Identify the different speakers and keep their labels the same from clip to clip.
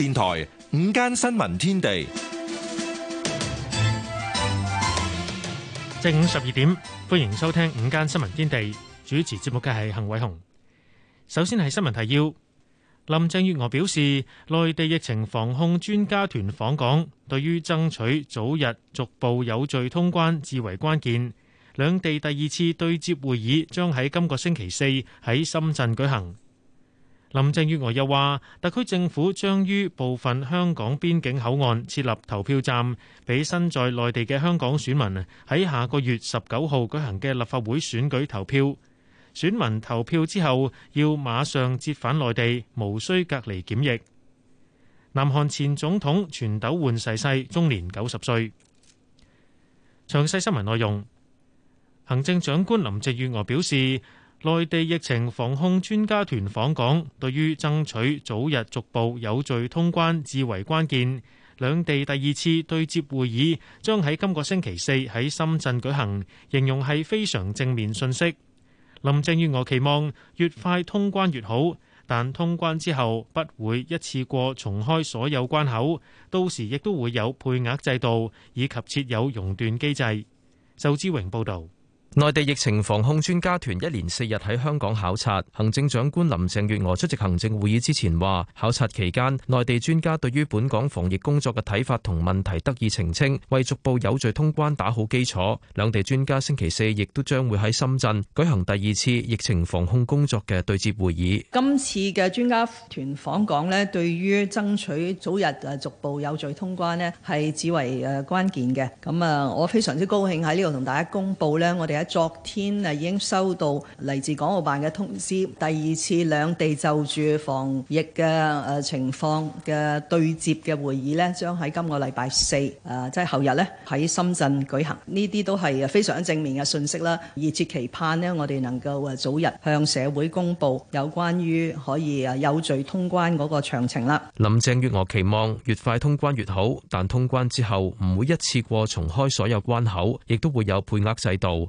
Speaker 1: 電台午間新聞天地，
Speaker 2: 正午十二點，歡迎收聽午間新聞天地。主持節目嘅係幸偉雄。首先係新聞提要。林鄭月娥表示，內地疫情防控專家團訪港，對於爭取早日逐步有序通關至為關鍵。兩地第二次對接會議將喺今個星期四喺深圳舉行。林鄭月娥又話，特區政府將於部分香港邊境口岸設立投票站，俾身在內地嘅香港選民喺下個月十九號舉行嘅立法會選舉投票。選民投票之後，要馬上折返內地，無需隔離檢疫。南韓前總統全斗煥逝世，終年九十歲。詳細新聞內容，行政長官林鄭月娥表示，內地疫情防控專家團訪港，對於爭取早日逐步有序通關至為關鍵。兩地第二次對接會議將喺今個星期四喺深圳舉行，形容係非常正面訊息。林鄭月娥期望越快通關越好，但通關之後不會一次過重開所有關口，到時亦都會有配額制度以及設有熔斷機制。周志榮報導。內地疫情防控專家團一連四日喺香港考察，行政長
Speaker 3: 官林鄭月娥出席行政會議之前話，考察期間內地專家對於本港防疫工作嘅睇法同問題得以澄清，為逐步有序通關打好基礎。兩地專家星期四亦都將會喺深圳舉行第二次疫情防控工作嘅對接會議。
Speaker 4: 今次嘅專家團訪港呢，對於爭取早日誒逐步有序通關呢係至為誒關鍵嘅。咁啊，我非常之高興喺呢度同大家公布呢，我哋。昨天啊，已經收到嚟自港澳辦嘅通知，第二次兩地就住防疫嘅誒情況嘅對接嘅會議咧，將喺今個禮拜四啊，即係後日咧喺深圳舉行。呢啲都係非常正面嘅信息啦，熱切期盼咧，我哋能夠誒早日向社會公布有關於可以誒有序通關嗰個詳情啦。
Speaker 3: 林鄭月娥期望越快通關越好，但通關之後唔會一次過重開所有關口，亦都會有配額制度。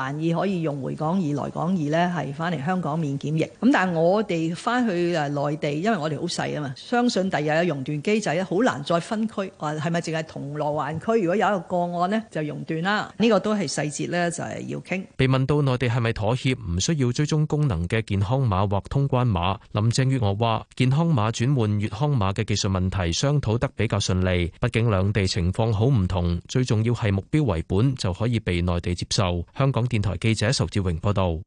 Speaker 4: 難以可以用回港易來港易咧，係翻嚟香港免檢疫。咁但係我哋翻去誒內地，因為我哋好細啊嘛，相信第二日熔斷機制咧，好難再分區。話係咪淨係銅鑼灣區？如果有一個個案咧，就熔斷啦。呢個都係細節咧，就係要傾。
Speaker 3: 被問到內地係咪妥協，唔需要追蹤功能嘅健康碼或通關碼，林鄭月娥話：健康碼轉換粵康碼嘅技術問題商討得比較順利。畢竟兩地情況好唔同，最重要係目標為本，就可以被內地接受。香港。電台記者仇志榮報道，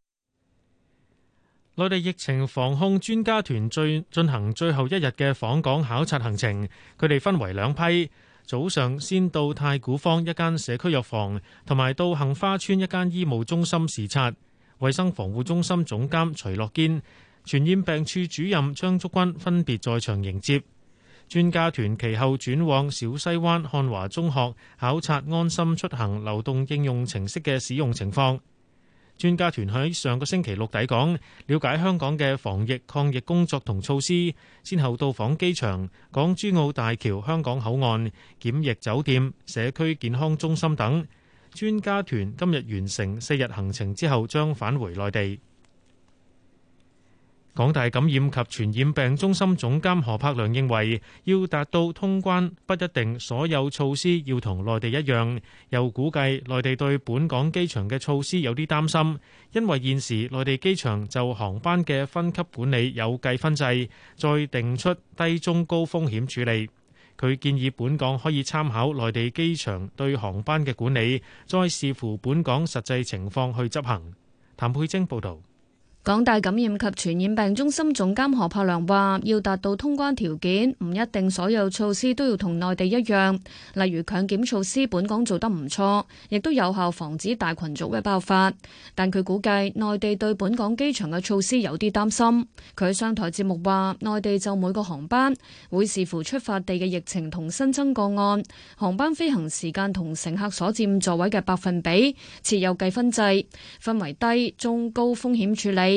Speaker 2: 內地疫情防控專家團隊進行最後一日嘅訪港考察行程，佢哋分為兩批，早上先到太古坊一間社區藥房，同埋到杏花村一間醫務中心視察。衛生防護中心總監徐樂堅、傳染病處主任張竹君分別在場迎接。專家團其後轉往小西灣漢華中學考察安心出行流動應用程式嘅使用情況。專家團喺上個星期六抵港，了解香港嘅防疫抗疫工作同措施，先後到訪機場、港珠澳大橋、香港口岸、檢疫酒店、社區健康中心等。專家團今日完成四日行程之後，將返回內地。港大感染及傳染病中心總監何柏良認為，要達到通關，不一定所有措施要同內地一樣。又估計內地對本港機場嘅措施有啲擔心，因為現時內地機場就航班嘅分級管理有計分制，再定出低、中、高風險處理。佢建議本港可以參考內地機場對航班嘅管理，再視乎本港實際情況去執行。譚佩晶報導。
Speaker 5: 港大感染及傳染病中心總監何柏良話：要達到通關條件，唔一定所有措施都要同內地一樣。例如強檢措施，本港做得唔錯，亦都有效防止大群組嘅爆發。但佢估計內地對本港機場嘅措施有啲擔心。佢上台節目話：內地就每個航班會視乎出發地嘅疫情同新增個案、航班飛行時間同乘客所佔座位嘅百分比，設有計分制，分為低、中、高風險處理。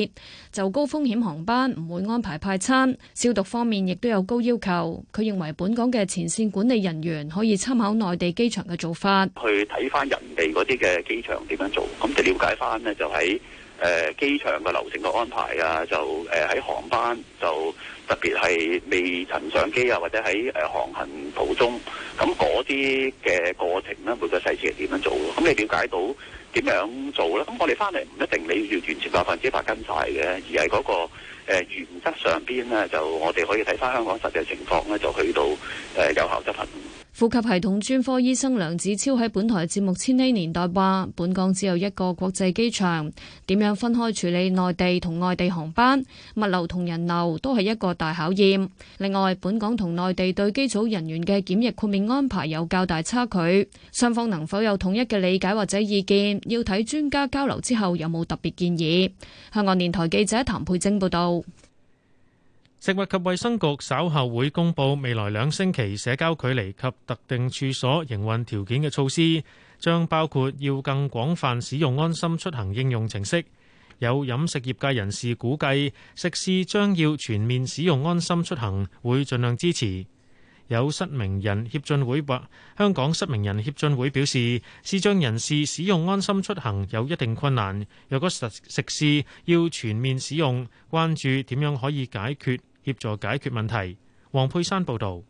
Speaker 5: 就高風險航班唔會安排派餐，消毒方面亦都有高要求。佢認為本港嘅前線管理人員可以參考內地機場嘅做法，
Speaker 6: 去睇翻人哋嗰啲嘅機場點樣做，
Speaker 1: 咁就了解翻咧。就喺誒機場嘅流程嘅安排啊，就誒喺航班就特別係未曾上機啊，或者喺誒航行途中，咁嗰啲嘅過程咧，每個細節點樣做，咁你了解到。點樣做咧？咁我哋翻嚟唔一定你要完全百分之百跟曬嘅，而係嗰個誒原則上邊咧，就我哋可以睇翻香港實際情況咧，就去到誒有效執行。
Speaker 5: 呼吸系統專科醫生梁子超喺本台節目《千禧年代》話：本港只有一個國際機場，點樣分開處理內地同外地航班、物流同人流都係一個大考驗。另外，本港同內地對機組人員嘅檢疫豁免安排有較大差距，雙方能否有統一嘅理解或者意見，要睇專家交流之後有冇特別建議。香港電台記者譚佩晶報道。
Speaker 2: 食物及衛生局稍後會公布未來兩星期社交距離及特定處所營運條件嘅措施，將包括要更廣泛使用安心出行應用程式。有飲食業界人士估計，食肆將要全面使用安心出行，會盡量支持。有失明人協進會或香港失明人協進會表示，視障人士使用安心出行有一定困難，若果食食肆要全面使用，關注點樣可以解決。協助解決問題。黃佩珊報導，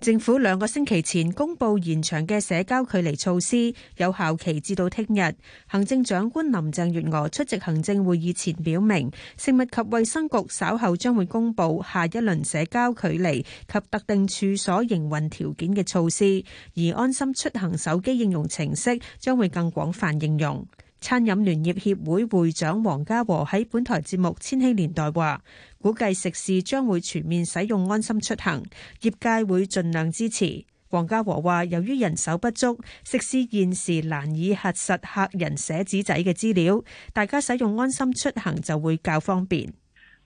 Speaker 7: 政府兩個星期前公布延長嘅社交距離措施，有效期至到聽日。行政長官林鄭月娥出席行政會議前表明，食物及衛生局稍後將會公布下一輪社交距離及特定處所營運條件嘅措施，而安心出行手機應用程式將會更廣泛應用。餐飲聯業協會會長黃家和喺本台節目《千禧年代》話。估計食肆將會全面使用安心出行，業界會盡量支持。黃家和話，由於人手不足，食肆現時難以核實客人寫紙仔嘅資料，大家使用安心出行就會較方便。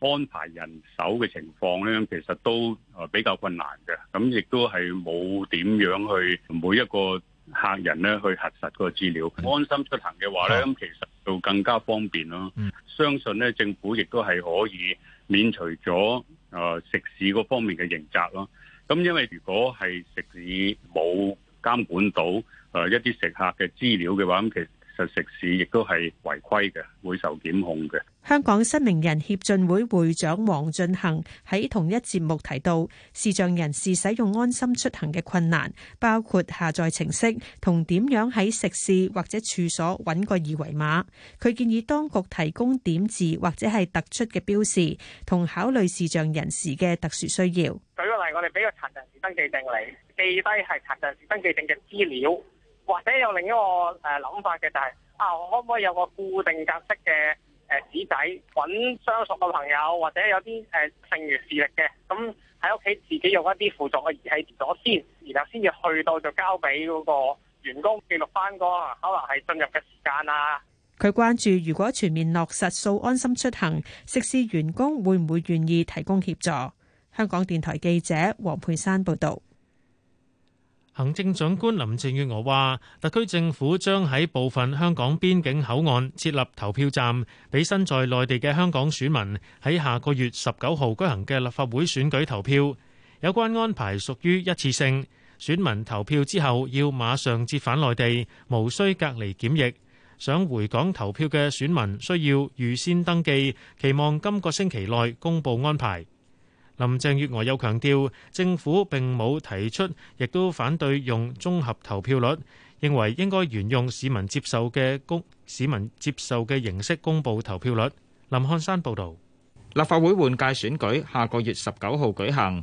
Speaker 8: 安排人手嘅情況咧，其實都比較困難嘅，咁亦都係冇點樣去每一個客人咧去核實個資料。安心出行嘅話咧，咁其實就更加方便咯。相信咧，政府亦都係可以。免除咗誒食肆嗰方面嘅刑責咯，咁因為如果係食肆冇監管到誒一啲食客嘅資料嘅話，咁其實。就食肆亦都係違規嘅，會受檢控嘅。
Speaker 7: 香港失明人協進會會長黃俊恒喺同一節目提到，視障人士使用安心出行嘅困難，包括下載程式同點樣喺食肆或者處所揾個二維碼，佢建議當局提供點字或者係突出嘅標示，同考慮視障人士嘅特殊需要。舉
Speaker 8: 個例，我哋俾個殘疾人登記證嚟，記低係殘疾人登記證嘅資料。或者有另一個誒諗法嘅就係、是、啊，我可唔可以有個固定格式嘅誒紙仔揾相熟嘅朋友，或者有啲誒、啊、剩餘視力嘅，咁喺屋企自己用一啲輔助嘅儀器咗先，然後先至去到就交俾嗰個員工記錄翻個可能係進入嘅時間啦、啊。
Speaker 7: 佢關注如果全面落實數安心出行，食肆員工會唔會願意提供協助？香港電台記者黃佩珊報道。
Speaker 2: 行政長官林鄭月娥話：特區政府將喺部分香港邊境口岸設立投票站，俾身在內地嘅香港選民喺下個月十九號舉行嘅立法會選舉投票。有關安排屬於一次性，選民投票之後要馬上折返內地，無需隔離檢疫。想回港投票嘅選民需要預先登記，期望今個星期內公佈安排。林鄭月娥又強調，政府並冇提出，亦都反對用綜合投票率，認為應該沿用市民接受嘅公市民
Speaker 9: 接受嘅形式公佈投票率。林漢山報導，立法會換屆選舉下個月十九號舉行。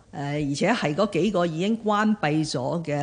Speaker 4: 誒，而且係嗰幾個已經關閉咗嘅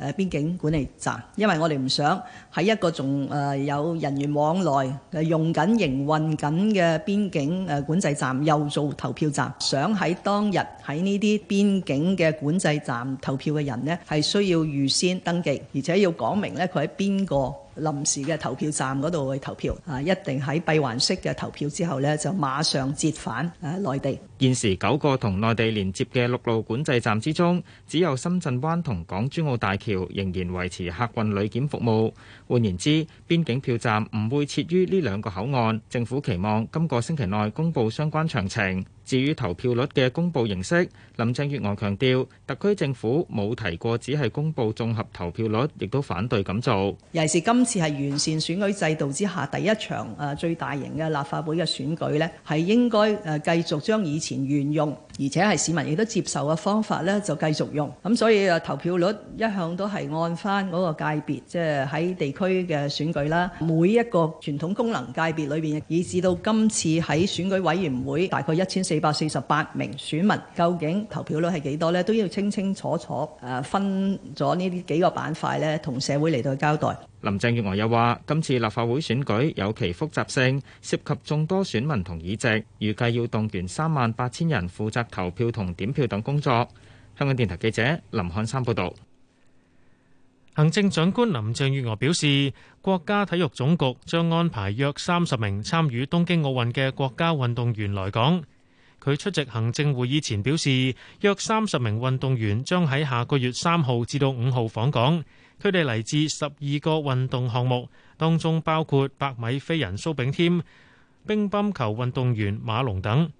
Speaker 4: 誒邊境管理站，因為我哋唔想喺一個仲誒有人員往來、誒用緊、營運緊嘅邊境誒管制站又做投票站。想喺當日喺呢啲邊境嘅管制站投票嘅人呢，係需要預先登記，而且要講明咧佢喺邊個臨時嘅投票站嗰度去投票，啊，一定喺閉環式嘅投票之後呢，就馬上折返誒內地。
Speaker 9: 現時九個同內地連接嘅陸路管制站之中，只有深圳灣同港珠澳大橋仍然維持客運旅檢服務。換言之，邊境票站唔會設於呢兩個口岸。政府期望今個星期內公布相關詳情。至於投票率嘅公佈形式，林鄭月娥強調，特區政府冇提過只係公佈綜合投票率，亦都反對咁做。
Speaker 4: 尤其是今次係完善選舉制度之下第一場誒最大型嘅立法會嘅選舉呢，係應該誒繼續將以前沿用，而且係市民亦都接受嘅方法咧，就繼續用。咁所以啊，投票率一向都係按翻嗰個界別，即係喺地區嘅選舉啦。每一個傳統功能界別裏邊，以至到今次喺選舉委員會，大概一千四百四十八名選民，究竟投票率係幾多呢？都要清清楚楚誒，分咗呢啲幾個板塊咧，同社會嚟到交代。
Speaker 9: 林鄭月娥又話：今次立法會選舉有其複雜性，涉及眾多選民同議席，預計要動員三萬八千人負責投票同點票等工作。香港電台記者林漢山報道。行
Speaker 2: 政長官林鄭月娥表示，國家體育總局將安排約三十名參與東京奧運嘅國家運動員來港。佢出席行政會議前表示，約三十名運動員將喺下個月三號至到五號訪港。佢哋嚟自十二個運動項目，當中包括百米飛人蘇炳添、乒乓球運動員馬龍等。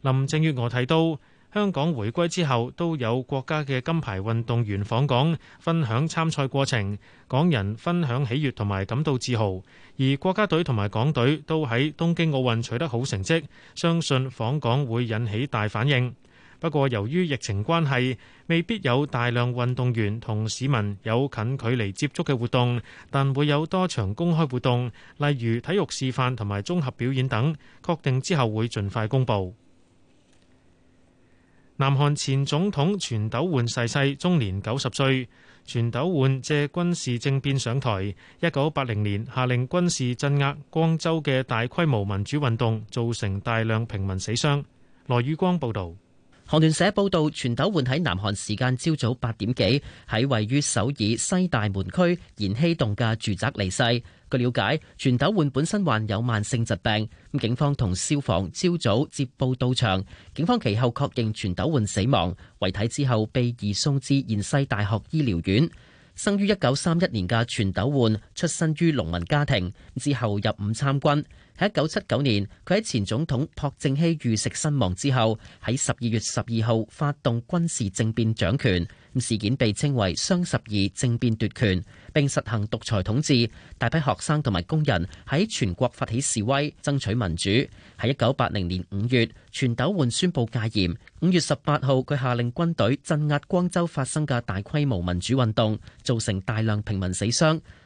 Speaker 2: 林鄭月娥提到，香港回歸之後都有國家嘅金牌運動員訪港，分享參賽過程，港人分享喜悅同埋感到自豪。而國家隊同埋港隊都喺東京奧運取得好成績，相信訪港會引起大反應。不過，由於疫情關係，未必有大量運動員同市民有近距離接觸嘅活動，但會有多場公開活動，例如體育示範同埋綜合表演等。確定之後會盡快公佈。南韓前總統全斗煥逝世，世，終年九十歲。全斗煥借軍事政變上台，一九八零年下令軍事鎮壓光州嘅大
Speaker 10: 規模民主運動，造成大量平民死傷。羅宇光報道。韓聯社報道，全斗煥喺南韓時間朝早八點幾，喺位於首爾西大門區延禧洞嘅住宅離世。據了解，全斗煥本身患有慢性疾病，咁警方同消防朝早接報到場，警方其後確認全斗煥死亡，遺體之後被移送至延世大學醫療院。生於一九三一年嘅全斗煥，出身於農民家庭，之後入伍參軍。喺一九七九年，佢喺前總統朴正熙遇刺身亡之後，喺十二月十二號發動軍事政變掌權。事件被稱為「雙十二政變奪權」，並實行獨裁統治。大批學生同埋工人喺全國發起示威，爭取民主。喺一九八零年五月，全斗煥宣布戒嚴。五月十八號，佢下令軍隊鎮壓光州發生嘅大規模民主運動，造成大量平民死傷。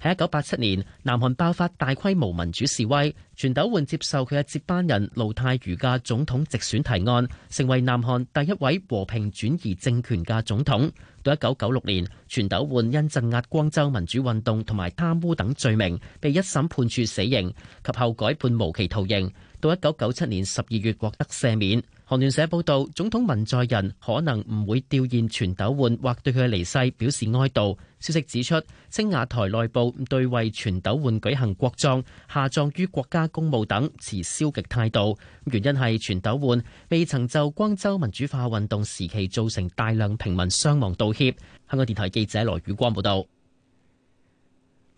Speaker 10: 喺一九八七年，南韓爆發大規模民主示威，全斗煥接受佢嘅接班人盧泰愚嘅總統直選提案，成為南韓第一位和平轉移政權嘅總統。到一九九六年，全斗煥因鎮壓光州民主運動同埋貪污等罪名，被一審判處死刑，及後改判無期徒刑。到一九九七年十二月，獲得赦免。韓聯社報道，總統文在寅可能唔會弔唁全斗煥，或對佢嘅離世表示哀悼。消息指出，青瓦台內部唔對為全斗煥舉行國葬，下葬於國家公墓等持消極態度，原因係全斗煥未曾就光州民主化運動時期造成大量平民傷亡道歉。香港電台記者羅宇光報道。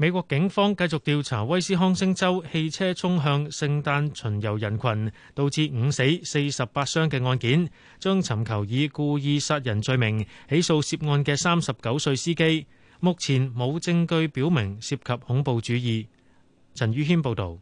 Speaker 10: 美國警方繼續調查威斯康
Speaker 2: 星州汽車衝向聖誕巡遊人群導致五死四十八傷嘅案件，將尋求以故意殺人罪名起訴涉案嘅三十九歲司機。目前冇證據表明涉及恐怖主義。陳宇軒報導。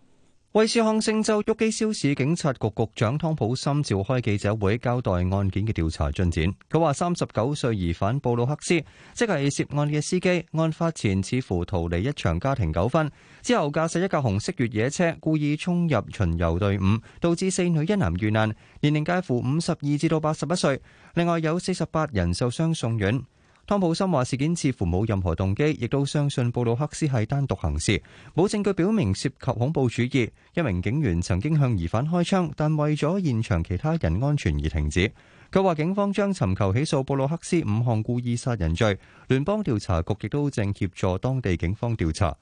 Speaker 1: 威斯康星州沃基肖市警察局局長湯普森召開記者會，交代案件嘅調查進展。佢話三十九歲疑犯布魯克斯，即係涉案嘅司機，案發前似乎逃離一場家庭糾紛，之後駕駛一架紅色越野車故意衝入巡遊隊伍，導致四女一男遇難，年齡介乎五十二至到八十一歲，另外有四十八人受傷送院。湯普森話：事件似乎冇任何動機，亦都相信布魯克斯係單獨行事，冇證據表明涉及恐怖主義。一名警員曾經向疑犯開槍，但為咗現場其他人安全而停止。佢話警方將尋求起訴布魯克斯五項故意殺人罪。聯邦調查局亦都正協助當地警方調查。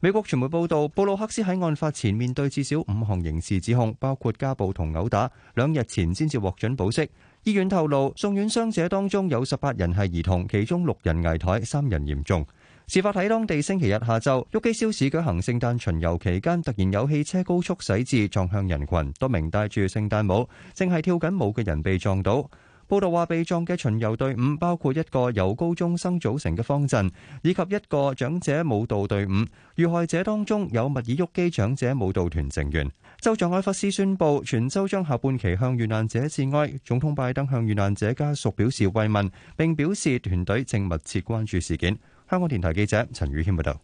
Speaker 1: 美國傳媒報導，布魯克斯喺案發前面對至少五項刑事指控，包括家暴同毆打，兩日前先至獲准保釋。醫院透露，送院傷者當中有十八人係兒童，其中六人危殆，三人嚴重。事發喺當地星期日下晝，沃基超市舉行聖誕巡遊期間，突然有汽車高速駛至撞向人群，多名戴住聖誕帽、正係跳緊舞嘅人被撞到。報道話，被撞嘅巡遊隊伍包括一個由高中生組成嘅方陣，以及一個長者舞蹈隊伍。遇害者當中有密爾沃基長者舞蹈團成員。州長埃佛斯宣布，全州將下半旗向遇難者致哀。總統拜登向遇難者家屬表示慰問，並表示團隊正密切關注事件。香港電台記者陳宇軒報道。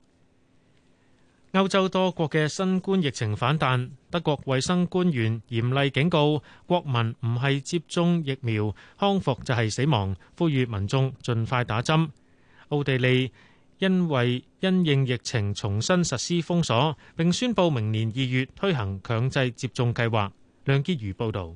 Speaker 2: 歐洲多國嘅新冠疫情反彈，德國衛生官員嚴厲警告國民唔係接種疫苗，康復就係死亡，呼籲民眾盡快打針。奧地利因為因應疫情重新實施封鎖，並宣布明年二月推行強制接種計劃。梁潔如報道。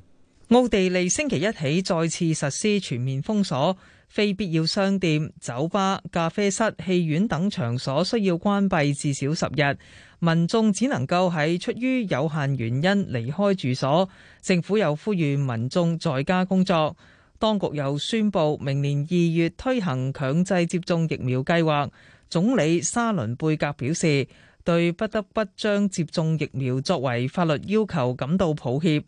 Speaker 6: 奧地利星期一起再次實施全面封鎖，非必要商店、酒吧、咖啡室、戲院等場所需要關閉至少十日，民眾只能夠喺出於有限原因離開住所。政府又呼籲民眾在家工作。當局又宣布明年二月推行強制接種疫苗計劃。總理沙倫貝格表示，對不得不將接種疫苗作為法律要求感到抱歉。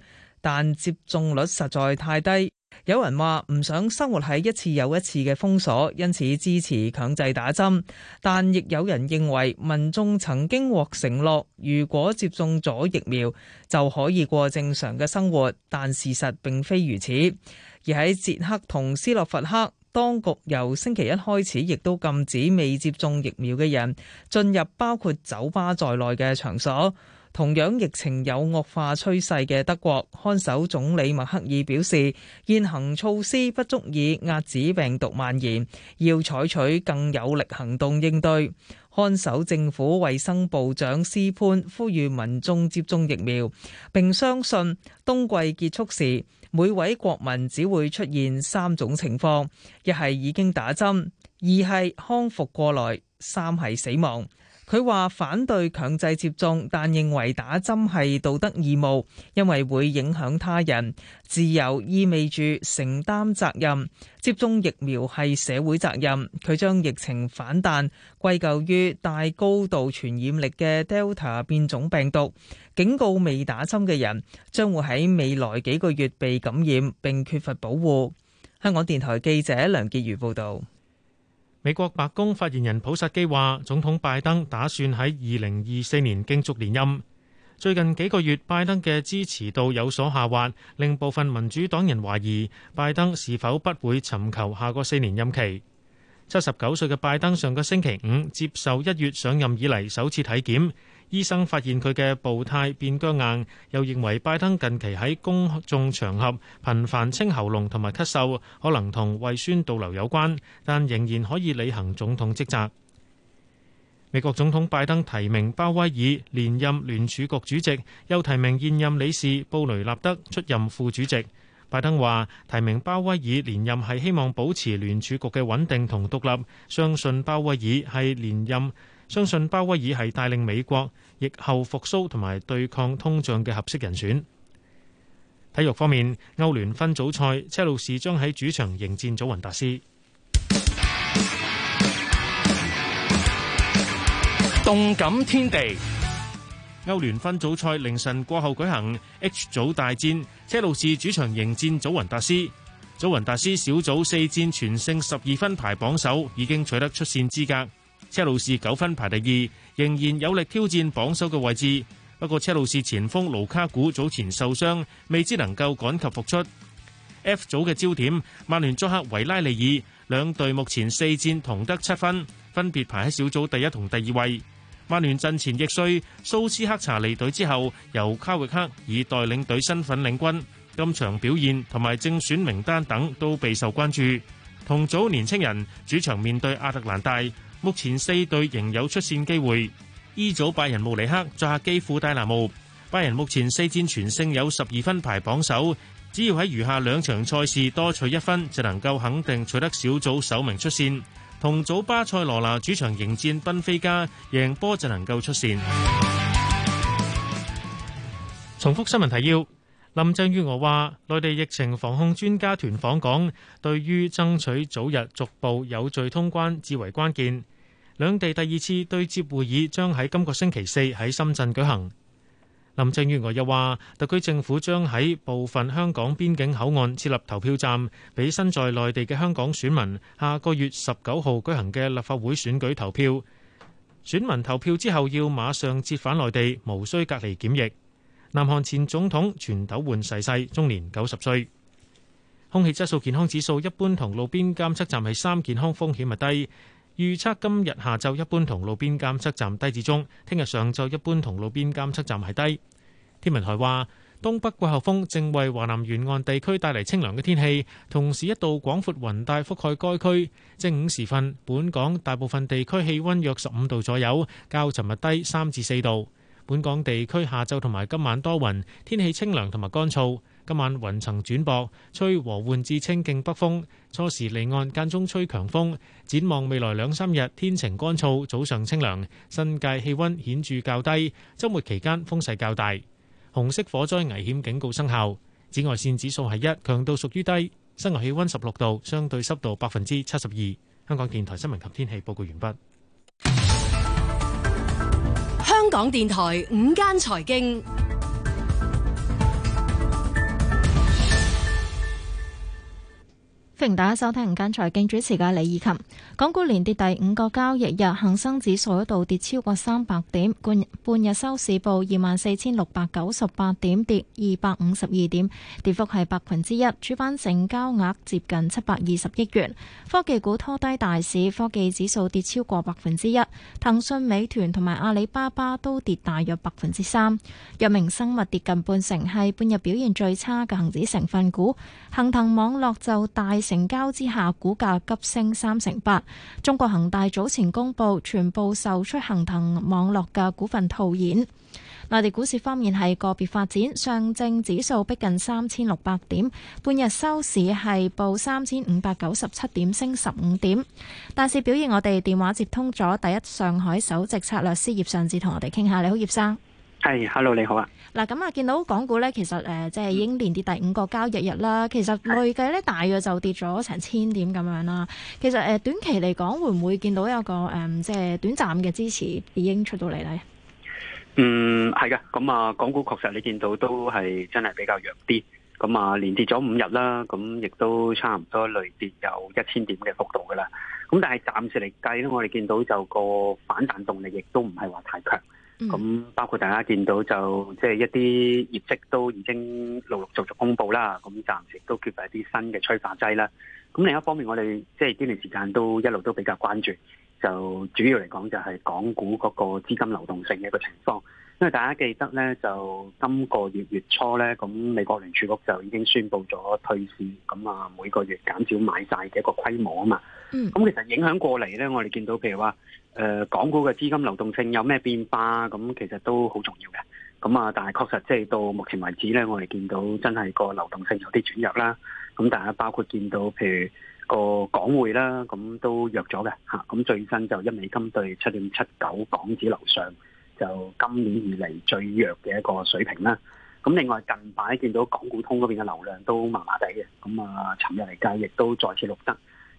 Speaker 6: 但接種率實在太低，有人話唔想生活喺一次又一次嘅封鎖，因此支持強制打針，但亦有人認為民眾曾經獲承諾，如果接種咗疫苗就可以過正常嘅生活，但事實並非如此。而喺捷克同斯洛伐克，當局由星期一開始亦都禁止未接種疫苗嘅人進入包括酒吧在內嘅場所。同樣疫情有惡化趨勢嘅德國，看守總理默克爾表示，現行措施不足以壓止病毒蔓延，要採取更有力行動應對。看守政府衛生部長斯潘呼籲民眾接種疫苗，並相信冬季結束時，每位國民只會出現三種情況：一係已經打針，二係康復過來，三係死亡。佢話反對強制接種，但認為打針係道德義務，因為會影響他人。自由意味住承擔責任，接種疫苗係社會責任。佢將疫情反彈歸咎於帶高度傳染力嘅 Delta 變種病毒，警告未打針嘅人將會喺未來幾個月被感染並缺乏保護。香港電台記者梁潔如報導。美國
Speaker 2: 白宮發言人普薩基話，總統拜登打算喺二零二四年競逐連任。最近幾個月，拜登嘅支持度有所下滑，令部分民主黨人懷疑拜登是否不會尋求下個四年任期。七十九歲嘅拜登上個星期五接受一月上任以嚟，首次體檢。醫生發現佢嘅步態變僵硬，又認為拜登近期喺公眾場合頻繁清喉嚨同埋咳嗽，可能同胃酸倒流有關，但仍然可以履行總統職責。美國總統拜登提名鮑威爾連任聯儲局主席，又提名現任理事布雷納德出任副主席。拜登話，提名鮑威爾連任係希望保持聯儲局嘅穩定同獨立，相信鮑威爾係連任，相信鮑威爾係帶領美國疫後復甦同埋對抗通脹嘅合適人選。體育方面，歐聯分組賽，車路士將喺主場迎戰祖雲達斯。動感天地，歐聯分組賽凌晨過後舉行 H 組大戰，車路士主場迎戰祖雲達斯。祖雲達斯小組四戰全勝，十二分排榜首，已經取得出線資格。車路士九分排第二，仍然有力挑戰榜首嘅位置。不過，車路士前鋒盧卡古早前受傷，未知能夠趕及復出。F 組嘅焦點，曼聯作客維拉利爾兩隊目前四戰同得七分，分別排喺小組第一同第二位。曼聯陣前易帥蘇斯克查離隊之後，由卡域克以代領隊身份領軍。今場表現同埋正選名單等都備受關注。同組年青人主場面對亞特蘭大。目前四隊仍有出線機會。依、e、組拜仁慕尼黑作客基輔戴拿姆，拜仁目前四戰全勝，有十二分排榜首。只要喺餘下兩場賽事多取一分，就能夠肯定取得小組首名出線。同組巴塞羅那主場迎戰賓菲加，贏波就能夠出線。重複新聞提要：林鄭月娥話，內地疫情防控專家團訪港，對於爭取早日逐步有序通關至為關鍵。兩地第二次對接會議將喺今個星期四喺深圳舉行。林鄭月娥又話，特區政府將喺部分香港邊境口岸設立投票站，俾身在內地嘅香港選民下個月十九號舉行嘅立法會選舉投票。選民投票之後要馬上折返內地，無需隔離檢疫。南韓前總統全斗煥逝世，終年九十歲。空氣質素健康指數一般，同路邊監測站係三，健康風險物低。預測今日下晝一般同路邊監測站低至中，聽日上晝一般同路邊監測站係低。天文台話，東北季候風正為華南沿岸地區帶嚟清涼嘅天氣，同時一度廣闊雲帶覆蓋該區。正午時分，本港大部分地區氣温約十五度左右，較尋日低三至四度。本港地區下晝同埋今晚多雲，天氣清涼同埋乾燥。今晚雲層轉薄，吹和緩至清勁北風，初時離岸間中吹強風。展望未來兩三日天晴乾燥，早上清涼，新界氣温顯著較低。週末期間風勢較大，紅色火災危險警告生效。紫外線指數係一，強度屬於低。室外氣溫十六度，相對濕度百分之七十二。香港電台新聞及天氣報告完畢。
Speaker 11: 港電台午間
Speaker 12: 財經。歡迎大家收聽《午間財經主持》嘅李以琴。港股連跌第五個交易日，恒生指數一度跌超過三百點，半日收市報二萬四千六百九十八點，跌二百五十二點，跌幅係百分之一。主板成交額接近七百二十億元。科技股拖低大市，科技指數跌超過百分之一。騰訊、美團同埋阿里巴巴都跌大約百分之三。藥明生物跌近半成，係半日表現最差嘅恒指成分股。恒騰網絡就大。成交之下，股價急升三成八。中國恒大早前公布全部售出恒騰網絡嘅股份套現。內地股市方面係個別發展，上證指數逼近三千六百點，半日收市係報三千五百九十七點，升十五點。大市表現，我哋電話接通咗第一上海首席策略師葉尚志，同我哋傾下。你好，葉生。係
Speaker 8: ，hello，你好啊。
Speaker 12: 嗱咁啊，見到港股咧，其實誒即係已經連跌第五個交易日啦。其實累計咧，大約就跌咗成千點咁樣啦。其實誒短期嚟講，會唔會見到有一個誒即係短暫嘅支持已經出到嚟咧？
Speaker 8: 嗯，係嘅。咁啊，港股確實你見到都係真係比較弱啲。咁啊，連跌咗五日啦，咁亦都差唔多累跌有一千點嘅幅度噶啦。咁但係暫時嚟計咧，我哋見到就個反彈動力亦都唔係話太強。咁、嗯、包括大家見到就即係、就是、一啲業績都已經陸陸續續公布啦，咁暫時都缺乏一啲新嘅催化劑啦。咁另一方面我，我哋即係呢段時間都一路都比較關注，就主要嚟講就係港股嗰個資金流動性嘅一個情況。因為大家記得咧，就今個月月初咧，咁美國聯儲局就已經宣布咗退市，咁啊每個月減少買債嘅一個規模啊嘛。嗯。咁其實影響過嚟咧，我哋見到譬如話，誒，港股嘅資金流動性有咩變化啊？咁其實都好重要嘅。咁啊，但係確實即係到目前為止咧，我哋見到真係個流動性有啲轉弱啦。咁但係包括見到譬如個港匯啦，咁都弱咗嘅吓。咁最新就一美金兌七點七九港紙樓上。就今年以嚟最弱嘅一個水平啦。咁另外近排見到港股通嗰邊嘅流量都麻麻地嘅。咁、嗯、啊，尋日嚟計亦都再次錄得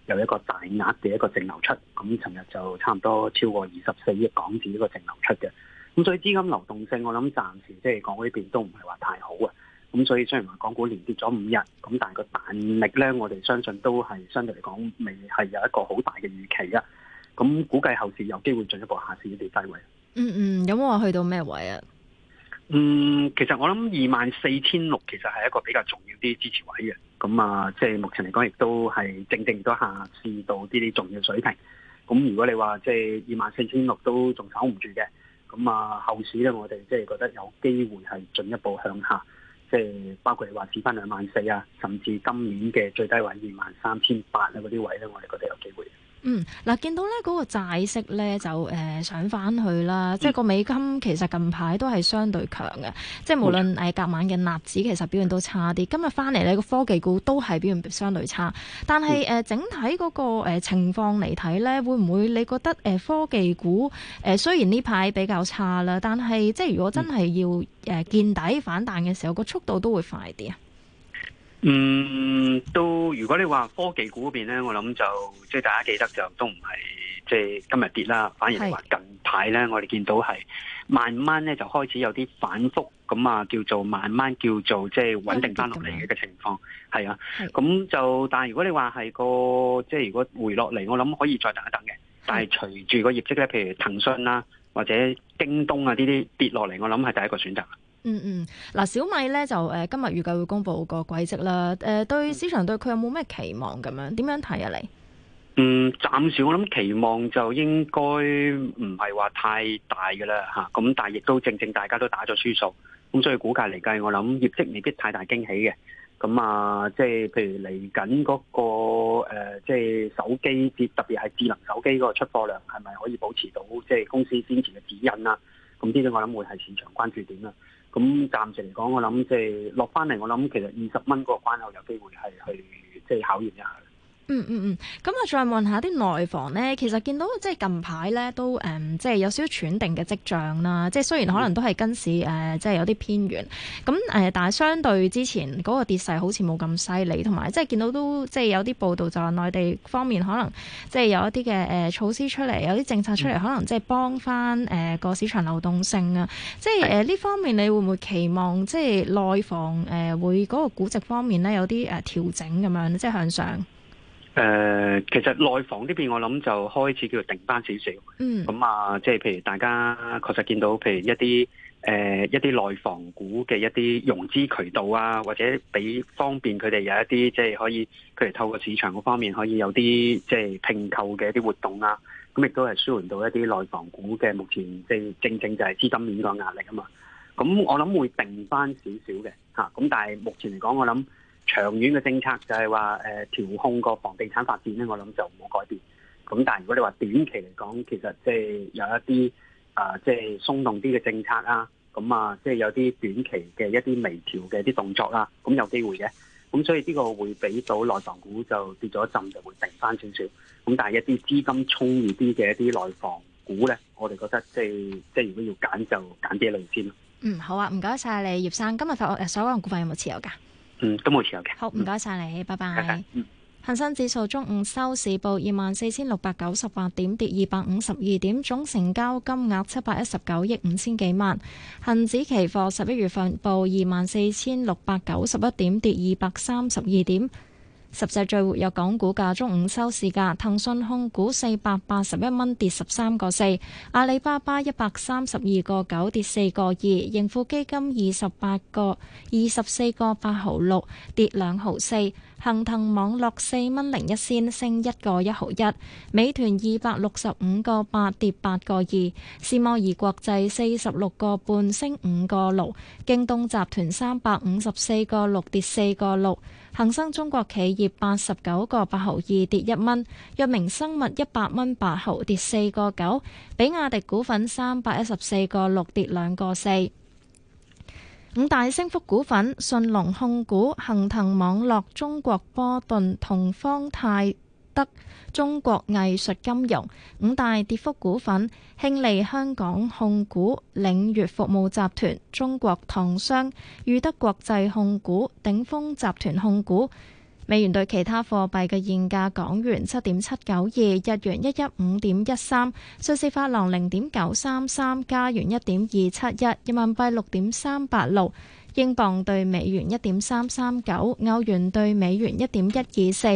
Speaker 8: 有一個大額嘅一個淨流出。咁尋日就差唔多超過二十四億港紙一個淨流出嘅。咁、嗯、所以資金流動性，我諗暫時即係港股呢邊都唔係話太好啊。咁、嗯、所以雖然話港股連跌咗五日，咁、嗯、但係個彈力咧，我哋相信都係相對嚟講未係有一個好大嘅預期啊。咁、嗯、估計後市有機會進一步下試一啲低位。
Speaker 12: 嗯嗯，有冇話去到咩位啊？嗯，
Speaker 8: 其實我諗二萬四千六其實係一個比較重要啲支持位嘅，咁啊，即係目前嚟講亦都係整定咗下市道啲啲重要水平。咁如果你話即係二萬四千六都仲守唔住嘅，咁啊後市咧我哋即係覺得有機會係進一步向下，即係包括你話試翻兩萬四啊，甚至今年嘅最低位二萬三千八啊嗰啲位咧，我哋覺得有機會。
Speaker 12: 嗯，嗱、啊，見到咧嗰、嗰個債息咧就誒、呃、上翻去啦，嗯、即係個美金其實近排都係相對強嘅，嗯、即係無論誒隔晚嘅納指其實表現都差啲，今日翻嚟咧個科技股都係表現相對差，但係誒、呃、整體嗰、嗰個、呃、情況嚟睇咧，會唔會你覺得誒、呃、科技股誒、呃、雖然呢排比較差啦，但係即係如果真係要誒、呃、見底反彈嘅時候，嗰個速度都會快啲啊？
Speaker 8: 嗯，都如果你話科技股嗰邊咧，我諗就即係大家記得就都唔係即係今日跌啦，反而話近排咧，是我哋見到係慢慢咧就開始有啲反復，咁啊叫做慢慢叫做即係穩定翻落嚟嘅情況，係、嗯、啊，咁是就但係如果你話係個即係如果回落嚟，我諗可以再等一等嘅，但係隨住個業績咧，譬如騰訊啦或者京東啊呢啲跌落嚟，我諗係第一個選擇。
Speaker 12: 嗯嗯，嗱、嗯、小米咧就誒、呃、今日預計會公布個季績啦，誒、呃、對市場對佢有冇咩期望咁樣？點樣睇啊？你？
Speaker 8: 嗯，暫時我諗期望就應該唔係話太大嘅啦嚇，咁、啊、但係亦都正正大家都打咗輸數，咁、嗯、所以估計嚟計，我諗業績未必太大驚喜嘅。咁、嗯、啊，即係譬如嚟緊嗰個、呃、即係手機節，特別係智能手機嗰個出貨量，係咪可以保持到即係公司先前嘅指引啊？咁呢啲我諗會係市場關注點啦。咁暫時嚟講，我諗即係落返嚟，我諗其實二十蚊嗰個關口有機會係去即係考驗一下。
Speaker 12: 嗯嗯嗯，咁、嗯、啊、嗯，再問下啲內房咧。其實見到即係近排咧都誒，即係有少少喘定嘅跡象啦。即係雖然可能都係跟市誒，即係有啲偏遠咁誒，但係相對之前嗰、嗰個跌勢好似冇咁犀利，同埋即係見到都即係有啲報道就話內地方面可能即係有一啲嘅誒措施出嚟，有啲政策出嚟，嗯、可能即係幫翻誒個市場流動性啊。嗯、即係誒呢方面，你會唔會期望即係內房誒會嗰個估值方面咧有啲誒調整咁樣，即係向上？
Speaker 8: 誒、呃，其實內房呢邊我諗就開始叫做定翻少少，咁、嗯、啊，即係譬如大家確實見到，譬如一啲誒、呃、一啲內房股嘅一啲融資渠道啊，或者俾方便佢哋有一啲即係可以，佢哋透過市場嗰方面可以有啲即係併購嘅一啲活動啦、啊，咁亦都係舒緩到一啲內房股嘅目前即係正正就係資金面呢個壓力啊嘛，咁我諗會定翻少少嘅吓，咁、啊、但係目前嚟講我諗。長遠嘅政策就係話誒調控個房地產發展咧，我諗就唔好改變。咁但係如果你話短期嚟講，其實即係有一啲啊即係鬆動啲嘅政策啦、啊，咁啊即係、就是、有啲短期嘅一啲微調嘅一啲動作啦、啊，咁有機會嘅。咁所以呢個會俾到內房股就跌咗一浸，就會定翻少少。咁但係一啲資金充裕啲嘅一啲內房股咧，我哋覺得即係即係如果要揀就揀啲類先咯。嗯，
Speaker 12: 好啊，唔該晒你，葉生，今日發誒所講股份有冇持有㗎？
Speaker 8: 嗯，都冇事嘅。
Speaker 12: 好，唔該晒你，拜拜。恒生指數中午收市報二萬四千六百九十八點，跌二百五十二點，總成交金額七百一十九億五千幾萬。恒指期貨十一月份報二萬四千六百九十一點，跌二百三十二點。十隻最活躍港股價，中午收市價：騰訊控股四百八十一蚊，跌十三個四；阿里巴巴一百三十二個九，跌四個二；盈富基金二十八個二十四個八毫六，跌兩毫四；恒騰網絡四蚊零一仙，升一個一毫一；美團二百六十五個八，跌八個二；思摩爾國際四十六個半，升五個六；京東集團三百五十四個六，跌四個六。恒生中國企業八十九個八毫二跌一蚊，藥明生物一百蚊八毫跌四個九，比亞迪股份三百一十四個六跌兩個四。五大升幅股份：順隆控股、恒騰網絡、中國波頓、同方太。德中國藝術金融五大跌幅股份：興利香港控股、領悅服務集團、中國通商、裕德國際控股、鼎峰集團控股。美元對其他貨幣嘅現價：港元七點七九二，日元一一五點一三，瑞士法郎零點九三三，加元一點二七一，人民幣六點三八六。英鎊對美元一點三三九，歐元對美元一點一二四，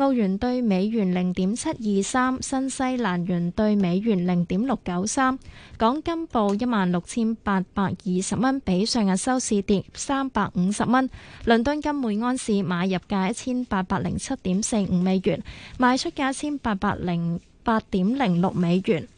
Speaker 12: 澳元對美元零點七二三，新西蘭元對美元零點六九三。港金報一萬六千八百二十蚊，比上日收市跌三百五十蚊。倫敦金每安士買入價一千八百零七點四五美元，賣出價一千八百零八點零六美元。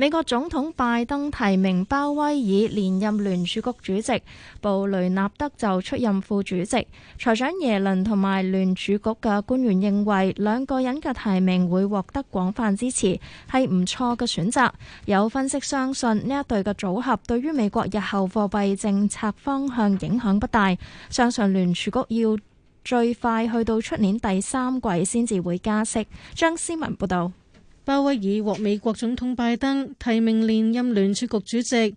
Speaker 12: 美國總統拜登提名鮑威爾連任聯儲局主席，布雷納德就出任副主席。財長耶倫同埋聯儲局嘅官員認為，兩個人嘅提名會獲得廣泛支持，係唔錯嘅選擇。有分析相信呢一對嘅組合對於美國日後貨幣政策方向影響不大。相信聯儲局要
Speaker 11: 最快去到出年第三季先至會加息。張思文報道。鮑威爾獲美國總統拜登提名連任聯儲局主席。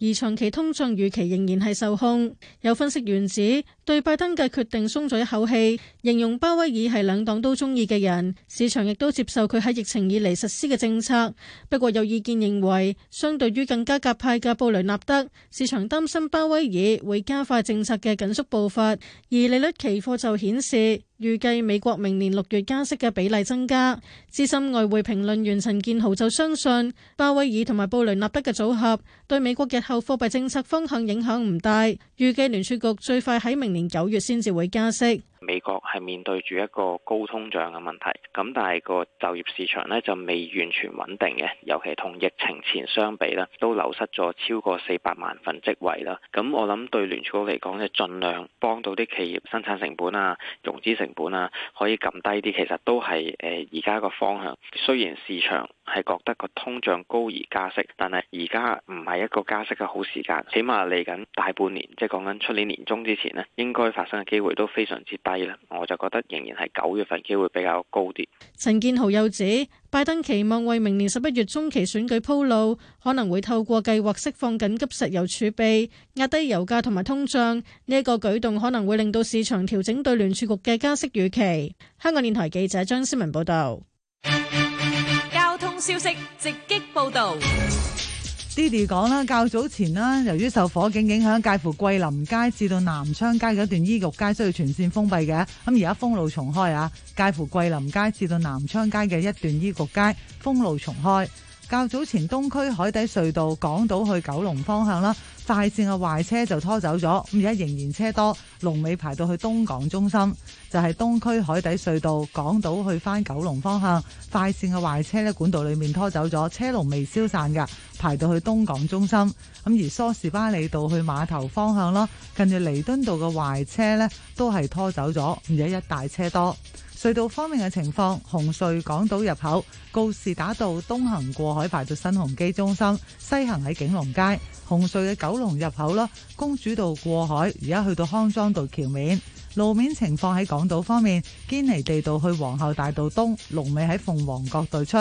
Speaker 11: 而長期通脹預期仍然係受控。有分析員指對拜登嘅決定鬆咗一口氣，形容鮑威爾係兩黨都中意嘅人，市場亦都接受佢喺疫情以嚟實施嘅政策。不過有意見認為，相對於更加鴿派嘅布雷納德，市場擔心鮑威爾會加快政策嘅緊縮步伐。而利率期貨就顯示預計美國明年六月加息嘅比例增加。資深外匯評論員陳建豪就相信鮑威爾同埋布雷納德嘅組合對美國嘅受貨幣政策方向影響唔大，預計聯儲局最快喺明年九月先至會加息。
Speaker 9: 美國係面對住一個高通脹嘅問題，咁但係個就業市場咧就未完全穩定嘅，尤其同疫情前相比啦，都流失咗超過四百萬份職位啦。咁我諗對聯儲局嚟講，即係盡量幫到啲企業生產成本啊、融資成本啊，可以撳低啲，其實都係誒而家個方向。雖然市場係覺得個通脹高而加息，但係而家唔係一個加息嘅好時間，起碼嚟緊大半年，即係講緊出年年中之前呢，應該發生嘅機會都非常之大。
Speaker 8: 我就覺得仍然係九月份機會比較高啲。
Speaker 11: 陳建豪又指，拜登期望為明年十一月中期選舉鋪路，可能會透過計劃釋放緊急石油儲備，壓低油價同埋通脹。呢一個舉動可能會令到市場調整對聯儲局嘅加息預期。香港電台記者張思文報道。
Speaker 5: 交通消息直擊報道。
Speaker 13: d i d y 講啦，較早前啦，由於受火警影響，介乎桂林街至到南昌街嗰段醫局街需要全線封閉嘅，咁而家封路重開啊，介乎桂林街至到南昌街嘅一段醫局街封路重開。較早前東區海底隧道港島去九龍方向啦，快線嘅壞車就拖走咗，咁而家仍然車多，龍尾排到去東港中心，就係、是、東區海底隧道港島去翻九龍方向快線嘅壞車咧，管道裏面拖走咗，車龍未消散噶，排到去東港中心，咁而梳士巴利道去碼頭方向咯，近住彌敦道嘅壞車咧都係拖走咗，而家一大車多。隧道方面嘅情況，紅隧港島入口告士打道東行過海，排到新鴻基中心；西行喺景隆街，紅隧嘅九龍入口咯，公主道過海，而家去到康莊道橋面。路面情況喺港島方面，堅尼地道去皇后大道東，龍尾喺鳳凰閣對出；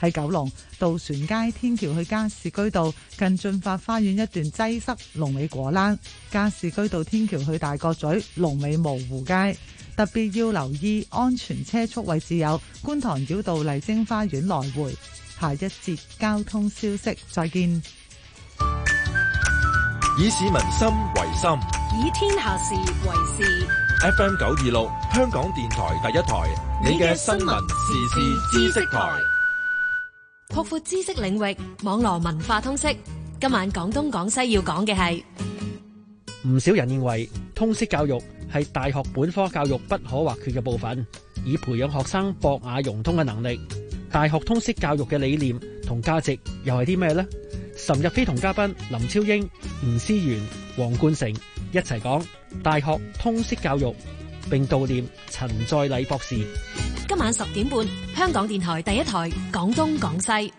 Speaker 13: 喺九龍渡船街天橋去加士居道，近進發花園一段擠塞，龍尾果欄；加士居道天橋去大角咀，龍尾模糊街。特別要留意安全車速位置，有觀塘繞道麗晶花園來回。下一節交通消息，再見。
Speaker 3: 以市民心為心，
Speaker 11: 以天下事為事。
Speaker 3: F M 九二六，香港電台第一台，你嘅新聞時事知識台，
Speaker 5: 擴闊知識領域，網絡文化通識。今晚廣東廣西要講嘅
Speaker 8: 係。唔少人認為通識教育係大學本科教育不可或缺嘅部分，以培養學生博雅融通嘅能力。大學通識教育嘅理念同價值又係啲咩呢？岑日飛同嘉賓林超英、吳思源、黃冠成一齊講大學通識教育，並悼念陳在禮博士。
Speaker 5: 今晚十點半，香港電台第一台，講東講西。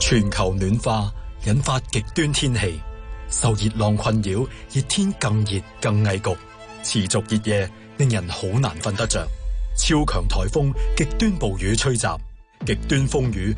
Speaker 3: 全球暖化引發極端天氣。受熱浪困擾，熱天更熱更危局，持續熱夜令人好
Speaker 6: 難瞓得着。超強颱風、極端暴雨吹襲、極端風雨。